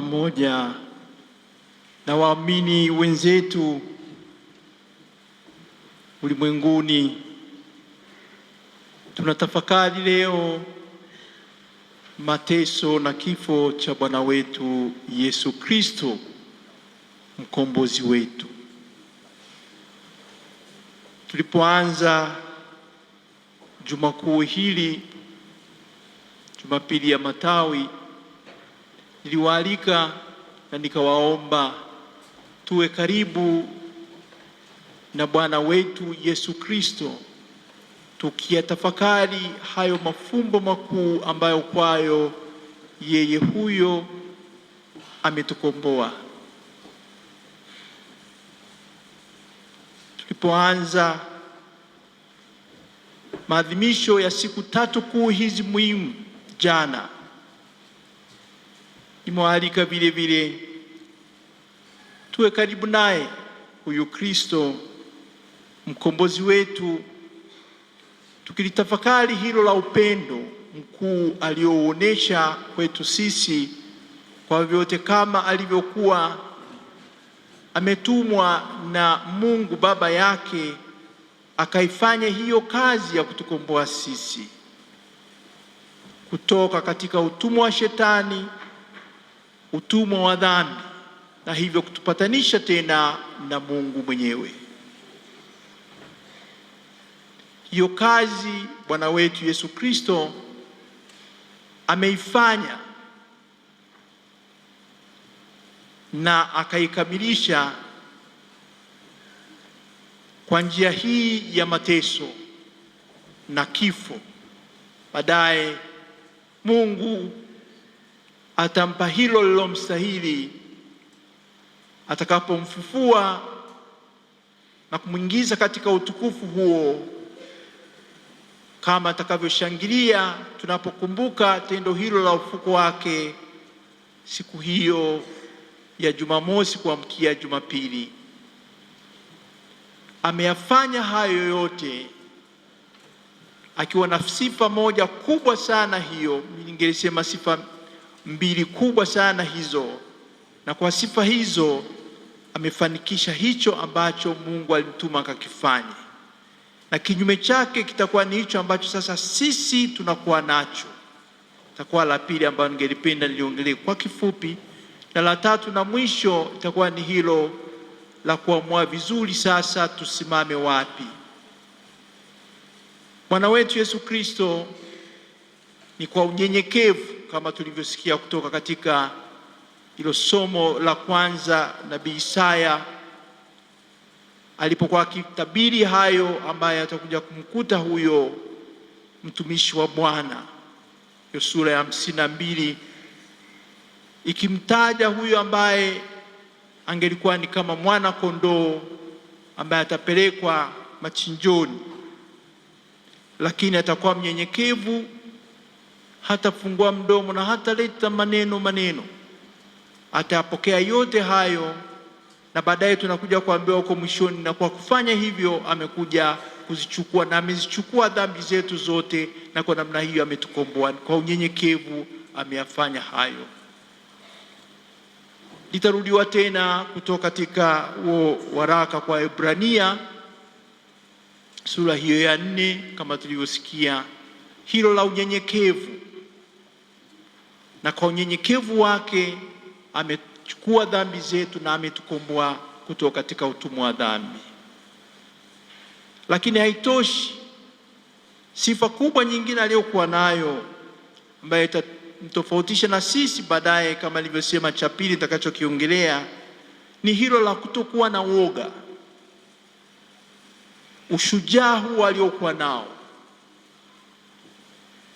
pamoja na waamini wenzetu ulimwenguni. Tunatafakari leo mateso na kifo cha Bwana wetu Yesu Kristo mkombozi wetu. Tulipoanza Juma Kuu hili Jumapili ya Matawi niliwaalika na nikawaomba tuwe karibu na Bwana wetu Yesu Kristo, tukiyatafakari hayo mafumbo makuu ambayo kwayo yeye huyo ametukomboa. Tulipoanza maadhimisho ya siku tatu kuu hizi muhimu jana nimewaalika vile vile tuwe karibu naye huyu Kristo mkombozi wetu, tukilitafakari hilo la upendo mkuu aliouonesha kwetu sisi kwa vyote, kama alivyokuwa ametumwa na Mungu Baba yake akaifanya hiyo kazi ya kutukomboa sisi kutoka katika utumwa wa Shetani utumwa wa dhambi na hivyo kutupatanisha tena na Mungu mwenyewe. Hiyo kazi Bwana wetu Yesu Kristo ameifanya na akaikamilisha kwa njia hii ya mateso na kifo. Baadaye Mungu atampa hilo lilomstahili atakapomfufua na kumwingiza katika utukufu huo, kama atakavyoshangilia tunapokumbuka tendo hilo la ufuko wake siku hiyo ya Jumamosi kuamkia Jumapili. Ameyafanya hayo yote akiwa na sifa moja kubwa sana, hiyo ningelisema sifa mbili kubwa sana hizo, na kwa sifa hizo amefanikisha hicho ambacho Mungu alimtuma akakifanye, na kinyume chake kitakuwa ni hicho ambacho sasa sisi tunakuwa nacho. Itakuwa la pili ambayo ningelipenda niliongelee kwa kifupi, na la tatu na mwisho itakuwa ni hilo la kuamua vizuri sasa tusimame wapi. Bwana wetu Yesu Kristo ni kwa unyenyekevu kama tulivyosikia kutoka katika hilo somo la kwanza, nabii Isaya alipokuwa akitabiri hayo ambaye atakuja kumkuta huyo mtumishi wa Bwana, hiyo sura ya hamsini na mbili ikimtaja huyo ambaye angelikuwa ni kama mwana kondoo ambaye atapelekwa machinjoni, lakini atakuwa mnyenyekevu hatafungua mdomo na hataleta maneno maneno, atayapokea yote hayo, na baadaye tunakuja kuambiwa huko mwishoni, na kwa kufanya hivyo amekuja kuzichukua na amezichukua dhambi zetu zote, na kwa namna hiyo ametukomboa. Kwa unyenyekevu ameyafanya hayo. Litarudiwa tena kutoka katika huo waraka kwa Ibrania sura hiyo ya nne, kama tulivyosikia hilo la unyenyekevu na kwa unyenyekevu wake amechukua dhambi zetu na ametukomboa kutoka katika utumwa wa dhambi. Lakini haitoshi, sifa kubwa nyingine aliyokuwa nayo ambayo itamtofautisha na sisi baadaye, kama alivyosema cha pili nitakachokiongelea ni hilo la kutokuwa na uoga, ushujaa huo aliokuwa nao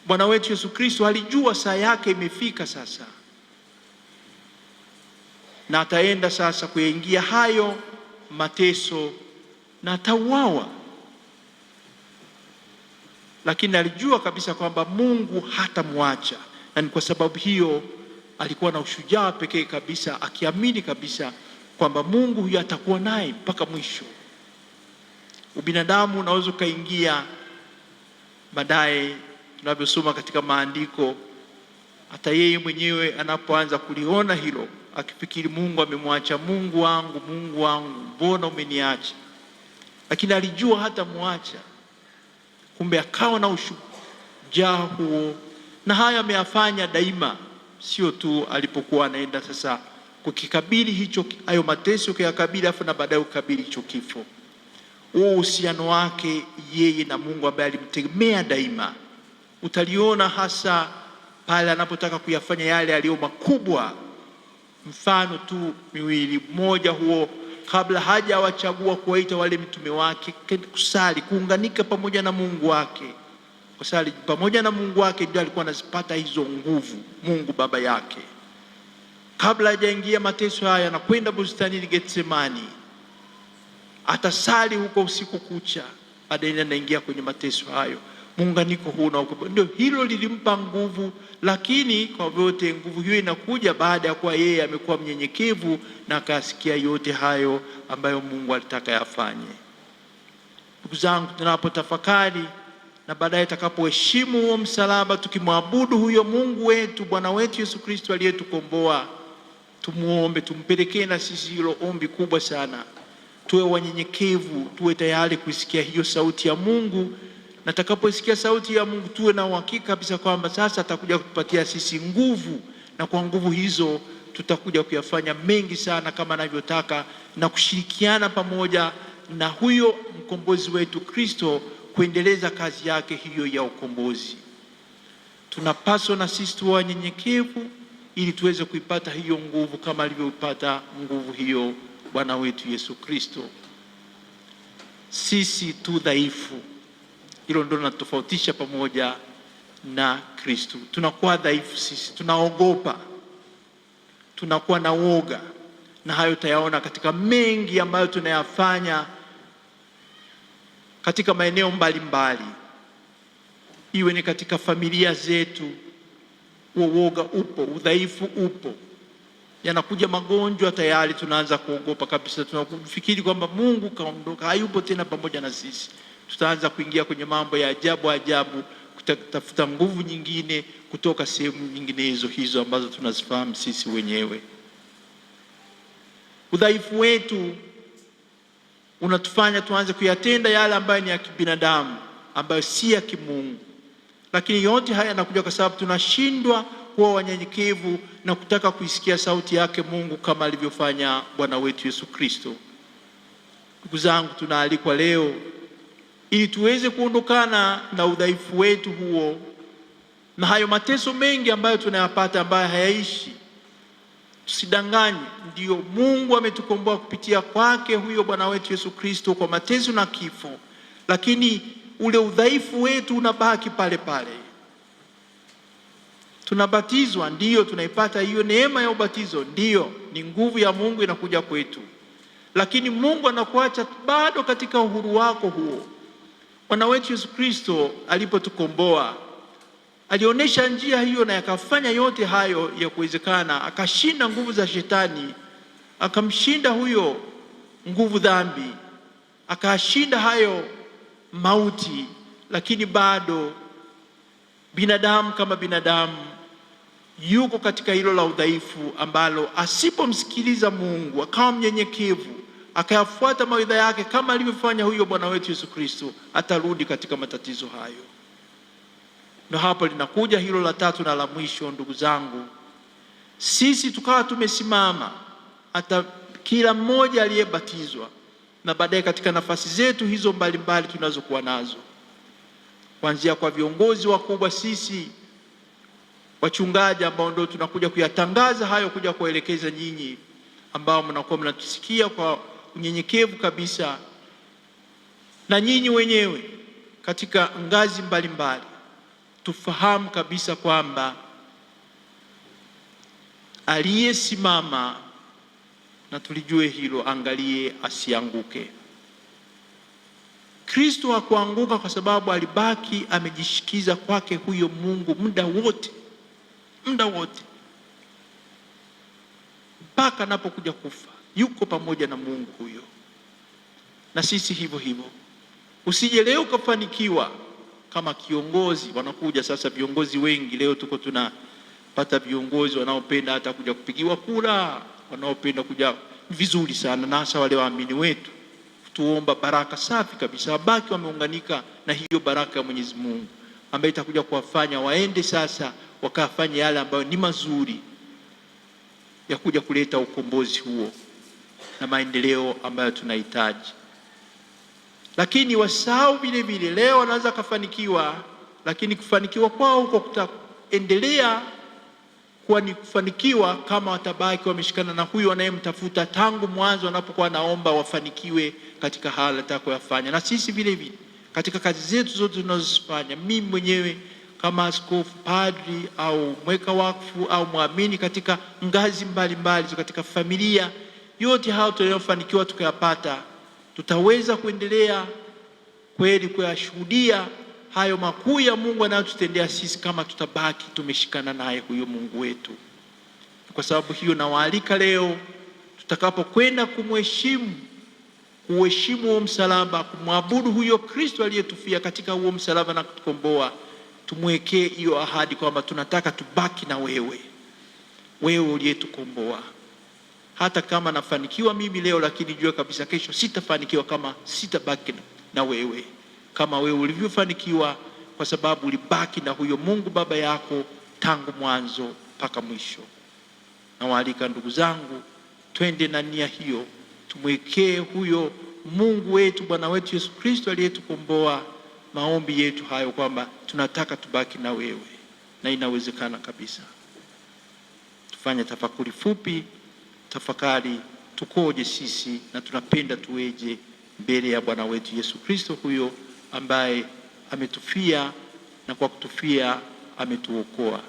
Bwana wetu Yesu Kristo alijua saa yake imefika sasa, na ataenda sasa kuyaingia hayo mateso na atauawa, lakini alijua kabisa kwamba Mungu hatamwacha, na ni kwa sababu hiyo alikuwa na ushujaa pekee kabisa, akiamini kabisa kwamba Mungu huyo atakuwa naye mpaka mwisho. Ubinadamu unaweza ukaingia baadaye tunavyosoma katika maandiko, hata yeye mwenyewe anapoanza kuliona hilo akifikiri, Mungu amemwacha, Mungu wangu, Mungu wangu, mbona umeniacha? Lakini alijua hata muacha, kumbe akawa na ushujaa huo, na haya ameyafanya daima, sio tu alipokuwa anaenda sasa kukikabili hicho hayo mateso kuyakabili, afu na baadaye ukabili hicho kifo. Huo uhusiano wake yeye na Mungu ambaye alimtegemea daima utaliona hasa pale anapotaka kuyafanya yale yaliyo makubwa. Mfano tu miwili, mmoja huo, kabla haja wachagua kuwaita wale mitume wake, kusali, kuunganika pamoja na Mungu wake, kusali pamoja na Mungu wake, ndio alikuwa anazipata hizo nguvu Mungu Baba yake. Kabla hajaingia mateso haya, anakwenda bustanini Getsemani, atasali huko usiku kucha, baadaye anaingia kwenye mateso hayo muunganiko huu na ndio hilo lilimpa nguvu, lakini kwa vyote nguvu hiyo inakuja baada ya kuwa yeye amekuwa mnyenyekevu na akasikia yote hayo ambayo Mungu alitaka yafanye. Ndugu zangu, tunapotafakari na baadaye takapoheshimu huo msalaba, tukimwabudu huyo Mungu wetu Bwana wetu Yesu Kristo aliyetukomboa, tumuombe, tumpelekee na sisi hilo ombi kubwa sana, tuwe wanyenyekevu, tuwe tayari kuisikia hiyo sauti ya Mungu na takapoisikia sauti ya Mungu tuwe na uhakika kabisa kwamba sasa atakuja kutupatia sisi nguvu, na kwa nguvu hizo tutakuja kuyafanya mengi sana kama anavyotaka na kushirikiana pamoja na huyo mkombozi wetu Kristo kuendeleza kazi yake hiyo ya ukombozi. Tunapaswa na sisi tuwe wanyenyekevu ili tuweze kuipata hiyo nguvu kama alivyoipata nguvu hiyo Bwana wetu Yesu Kristo. Sisi tu dhaifu hilo ndio linatofautisha pamoja na Kristo. Tunakuwa dhaifu sisi, tunaogopa, tunakuwa na woga, na hayo tayaona katika mengi ambayo tunayafanya katika maeneo mbalimbali mbali. Iwe ni katika familia zetu, woga upo, udhaifu upo, yanakuja magonjwa, tayari tunaanza kuogopa kabisa, tunafikiri kwamba Mungu kaondoka, hayupo tena pamoja na sisi tutaanza kuingia kwenye mambo ya ajabu ajabu, kutafuta nguvu nyingine kutoka sehemu nyinginezo hizo ambazo tunazifahamu sisi wenyewe. Udhaifu wetu unatufanya tuanze kuyatenda yale ambayo ni ya kibinadamu, ambayo si ya kimungu. Lakini yote haya yanakuja kwa sababu tunashindwa kuwa wanyenyekevu na kutaka kuisikia sauti yake Mungu kama alivyofanya Bwana wetu Yesu Kristo. Ndugu zangu, tunaalikwa leo ili tuweze kuondokana na udhaifu wetu huo na hayo mateso mengi ambayo tunayapata ambayo hayaishi. tusidanganye ndiyo Mungu ametukomboa kupitia kwake huyo Bwana wetu Yesu Kristo kwa mateso na kifo, lakini ule udhaifu wetu unabaki pale pale. Tunabatizwa, ndiyo, tunaipata hiyo neema ya ubatizo, ndiyo, ni nguvu ya Mungu inakuja kwetu, lakini Mungu anakuacha bado katika uhuru wako huo Bwana wetu Yesu Kristo alipotukomboa alionyesha njia hiyo na yakafanya yote hayo ya kuwezekana, akashinda nguvu za shetani, akamshinda huyo nguvu dhambi, akashinda hayo mauti. Lakini bado binadamu kama binadamu yuko katika hilo la udhaifu, ambalo asipomsikiliza Mungu akawa mnyenyekevu akayafuata mawaidha yake kama alivyofanya huyo Bwana wetu Yesu Kristo, atarudi katika matatizo hayo. Na hapa linakuja hilo la tatu na la mwisho, ndugu zangu, sisi tukawa tumesimama hata kila mmoja aliyebatizwa na baadaye katika nafasi zetu hizo mbalimbali tunazokuwa nazo, kuanzia kwa viongozi wakubwa, sisi wachungaji ambao ndio tunakuja kuyatangaza hayo, kuja kuwaelekeza nyinyi ambao mnakuwa mnatusikia kwa unyenyekevu kabisa, na nyinyi wenyewe katika ngazi mbalimbali mbali, tufahamu kabisa kwamba aliyesimama, na tulijue hilo, angalie asianguke. Kristo hakuanguka kwa sababu alibaki amejishikiza kwake huyo Mungu muda wote, muda wote mpaka anapokuja kufa yuko pamoja na Mungu huyo, na sisi hivyo hivyo. Usije leo ukafanikiwa kama kiongozi. Wanakuja sasa viongozi wengi, leo tuko tunapata viongozi wanaopenda hata kuja kupigiwa kura, wanaopenda kuja vizuri sana, na hasa wale waamini wetu, tuomba baraka safi kabisa, wabaki wameunganika na hiyo baraka ya Mwenyezi Mungu ambayo itakuja kuwafanya waende sasa wakafanya yale ambayo ni mazuri ya kuja kuleta ukombozi huo na maendeleo ambayo tunahitaji. Lakini wasahau vile vile, leo wanaweza akafanikiwa, lakini kufanikiwa kwao huko kutaendelea kuwa ni kufanikiwa kama watabaki wameshikana na huyu anayemtafuta tangu mwanzo, anapokuwa naomba wafanikiwe katika hali atakayofanya. Na sisi vile vile katika kazi zetu zote tunazozifanya, mimi mwenyewe kama askofu, padri au mweka wakfu au mwamini katika ngazi mbalimbali mbali, katika familia yote hayo tunayofanikiwa tukayapata, tutaweza kuendelea kweli kuyashuhudia hayo makuu ya Mungu anayotutendea sisi, kama tutabaki tumeshikana naye huyo Mungu wetu. Kwa sababu hiyo, nawaalika leo tutakapokwenda kumheshimu kuheshimu huo msalaba, kumwabudu huyo Kristo aliyetufia katika huo msalaba na kutukomboa, tumwekee hiyo ahadi kwamba tunataka tubaki na wewe, wewe uliyetukomboa hata kama nafanikiwa mimi leo, lakini jua kabisa kesho sitafanikiwa kama sitabaki na wewe kama wewe ulivyofanikiwa, kwa sababu ulibaki na huyo Mungu Baba yako tangu mwanzo mpaka mwisho. Nawaalika ndugu zangu, twende na nia hiyo, tumwekee huyo Mungu wetu Bwana wetu Yesu Kristo aliyetukomboa maombi yetu hayo, kwamba tunataka tubaki na wewe, na inawezekana kabisa. Tufanye tafakuri fupi tafakari tukoje sisi na tunapenda tuweje mbele ya Bwana wetu Yesu Kristo, huyo ambaye ametufia na kwa kutufia ametuokoa.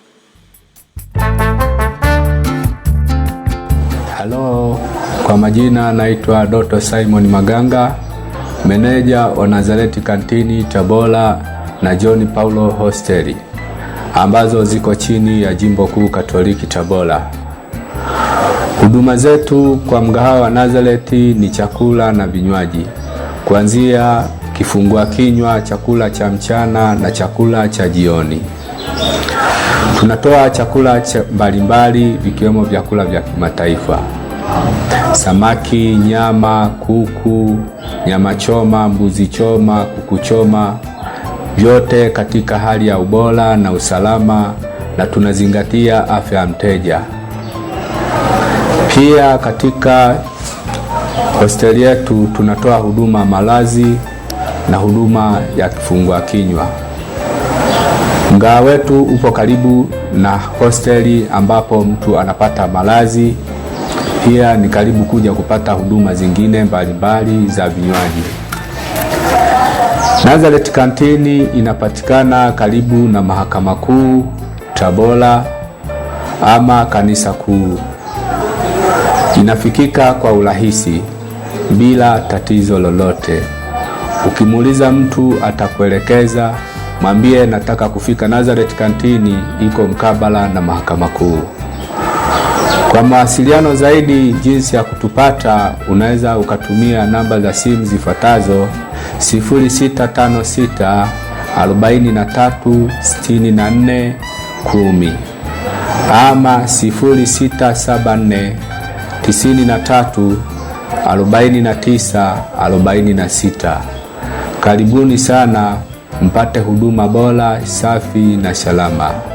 Halo, kwa majina naitwa Doto Simon Maganga, meneja wa Nazareti Kantini Tabora na John Paulo Hosteli ambazo ziko chini ya Jimbo Kuu Katoliki Tabora. Huduma zetu kwa mgahawa wa Nazareti ni chakula na vinywaji, kuanzia kifungua kinywa, chakula cha mchana na chakula cha jioni. Tunatoa chakula mbalimbali vikiwemo vyakula vya kimataifa: samaki, nyama, kuku, nyama choma, mbuzi choma, kuku choma, vyote katika hali ya ubora na usalama, na tunazingatia afya ya mteja. Pia katika hosteli yetu tunatoa huduma malazi na huduma ya kifungua kinywa. Mgahawa wetu upo karibu na hosteli ambapo mtu anapata malazi, pia ni karibu kuja kupata huduma zingine mbalimbali za vinywaji. Nazareth Kantini inapatikana karibu na mahakama kuu Tabora ama kanisa kuu inafikika kwa urahisi bila tatizo lolote. Ukimuuliza mtu atakuelekeza. Mwambie nataka kufika Nazareth Kantini, iko mkabala na mahakama kuu. Kwa mawasiliano zaidi, jinsi ya kutupata, unaweza ukatumia namba za simu zifuatazo: 0656 43 64 10 ama 0674 tisini na na tatu arobaini tisa arobaini na sita. Karibuni sana mpate huduma bora, safi na salama.